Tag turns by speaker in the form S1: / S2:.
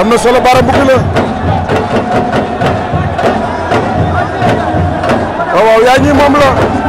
S1: am na solo baara bugg la waaw ah, waaw yaa ñi la.